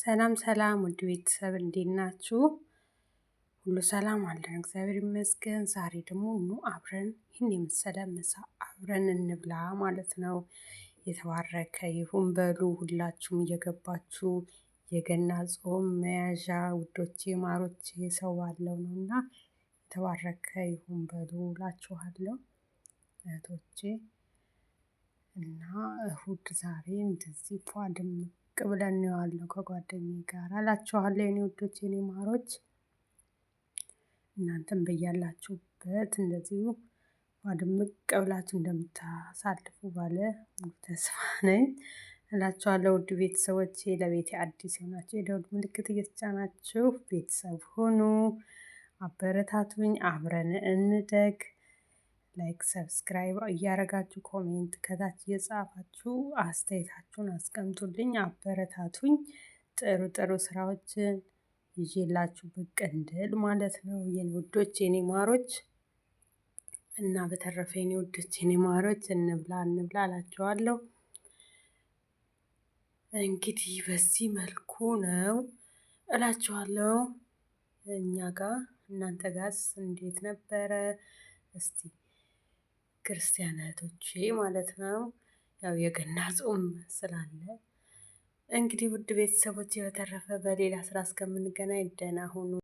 ሰላም ሰላም፣ ውድ ቤተሰብ እንዴት ናችሁ? ሁሉ ሰላም አለን፣ እግዚአብሔር ይመስገን። ዛሬ ደግሞ ኑ አብረን ይህን የመሰለ ምሳ አብረን እንብላ ማለት ነው። የተባረከ ይሁን በሉ ሁላችሁም እየገባችሁ የገና ጾም መያዣ ውዶቼ ማሮቼ ሰው ባለው ነው እና የተባረከ ይሁን በሉ እላችኋለሁ እህቶቼ እና እሁድ ዛሬ እንደዚህ ፏ ድምቅ ዝቅ ብለን እንየዋለን ከጓደኛ ጋር እላችኋለሁ የኔ ውዶች የኔ ማሮች። እናንተም በያላችሁበት እንደዚሁ ባድምቅ ብላችሁ እንደምታሳልፉ ባለ ተስፋ ነኝ። እላችኋለሁ ውድ ቤተሰቦች፣ ለቤት አዲስ የሆናችሁ የደወል ምልክት እየተጫናችሁ ቤተሰብ ሁኑ። አበረታቱኝ አብረን እንደግ ላይክ ሰብስክራይብ እያረጋችሁ ኮሜንት ከታች እየጻፋችሁ አስተያየታችሁን አስቀምጡልኝ፣ አበረታቱኝ። ጥሩ ጥሩ ስራዎችን ይዤላችሁ ብቅ እንድል ማለት ነው የኔ ውዶች የኔ ማሮች እና በተረፈ የኔ ውዶች የኔ ማሮች እንብላ እንብላ እላችኋለሁ። እንግዲህ በዚህ መልኩ ነው እላችኋለሁ። እኛ ጋር እናንተ ጋርስ እንዴት ነበረ? እስቲ ክርስቲያናቶቼ ማለት ነው። ያው የገና ጾም ስላለ እንግዲህ ውድ ቤተሰቦች በተረፈ በሌላ ስራ እስከምንገናኝ ደህና ሁኑ።